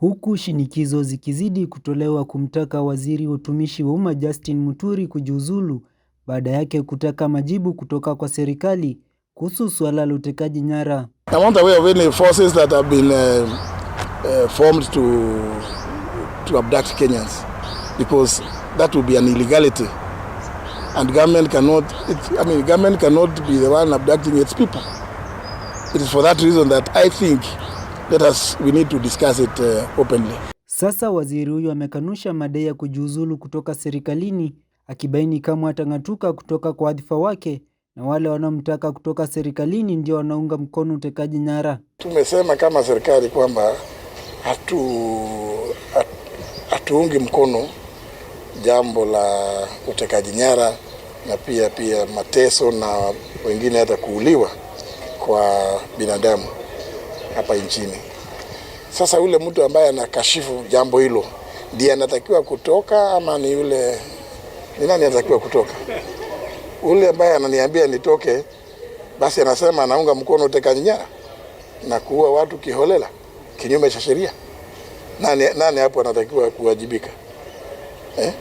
huku shinikizo zikizidi kutolewa kumtaka waziri wa utumishi wa umma Justin Muturi kujiuzulu baada yake kutaka majibu kutoka kwa serikali kuhusu suala la utekaji nyara. I'm not aware of any forces that have been uh, uh, formed to to abduct Kenyans because that would be an illegality and government cannot it, I mean government cannot be the one abducting its people. It is for that reason that I think Let us, we need to discuss it uh, openly. Sasa waziri huyo amekanusha madai ya kujiuzulu kutoka serikalini akibaini kama atang'atuka kutoka kwa wadhifa wake na wale wanaomtaka kutoka serikalini ndio wanaunga mkono utekaji nyara. Tumesema kama serikali kwamba hatuungi mkono jambo la utekaji nyara na pia pia mateso na wengine hata kuuliwa kwa binadamu hapa nchini. Sasa yule mtu ambaye anakashifu jambo hilo ndiye anatakiwa kutoka ama ni yule ni nani anatakiwa kutoka? Ule ambaye ananiambia nitoke, basi anasema anaunga mkono utekaji nyara na kuua watu kiholela kinyume cha sheria. Nani nani hapo anatakiwa kuwajibika eh?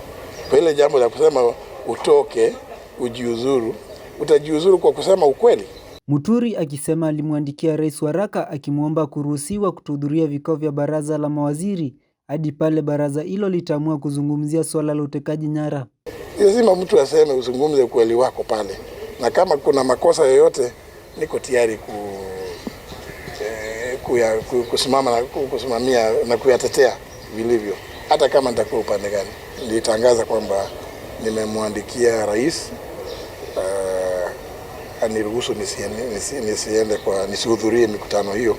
Kwa ile jambo la kusema utoke ujiuzuru, utajiuzuru kwa kusema ukweli. Muturi akisema alimwandikia rais waraka akimwomba kuruhusiwa kutohudhuria vikao vya baraza la mawaziri hadi pale baraza hilo litaamua kuzungumzia suala la utekaji nyara. Lazima mtu aseme, uzungumze ukweli wako pale, na kama kuna makosa yoyote niko tayari ku, eh, kuya, ku, kusimama na kusimamia na kuyatetea vilivyo, hata kama nitakuwa upande gani. Nilitangaza kwamba nimemwandikia rais uh, aniruhusu ah, nisiende, nisiende kwa nisihudhurie mikutano hiyo,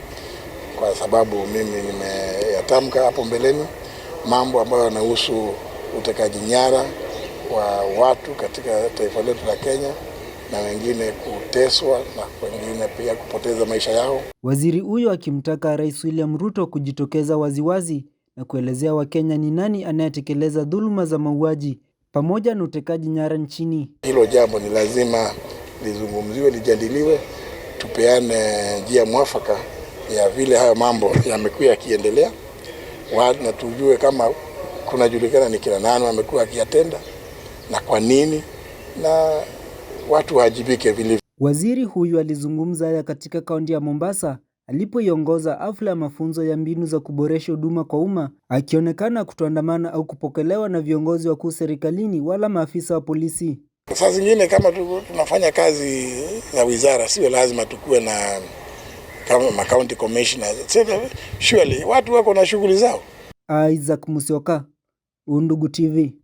kwa sababu mimi nimeyatamka hapo mbeleni mambo ambayo yanahusu utekaji nyara wa watu katika taifa letu la Kenya na wengine kuteswa na wengine pia kupoteza maisha yao. Waziri huyo akimtaka Rais William Ruto kujitokeza waziwazi na kuelezea Wakenya ni nani anayetekeleza dhuluma za mauaji pamoja na utekaji nyara nchini. Hilo jambo ni lazima lizungumziwe, lijadiliwe, tupeane njia mwafaka ya vile hayo mambo yamekuwa yakiendelea, na tujue kama kunajulikana ni kina nani amekuwa akiyatenda na kwa nini, na watu waajibike vilivyo. Waziri huyu alizungumza haya katika kaunti ya Mombasa alipoiongoza hafla ya mafunzo ya mbinu za kuboresha huduma kwa umma, akionekana kutoandamana au kupokelewa na viongozi wakuu serikalini wala maafisa wa polisi. Saa zingine kama tunafanya kazi za wizara, sio lazima tukuwe na kama county commissioners surely, watu wako na shughuli zao. Isaac musioka Undugu TV.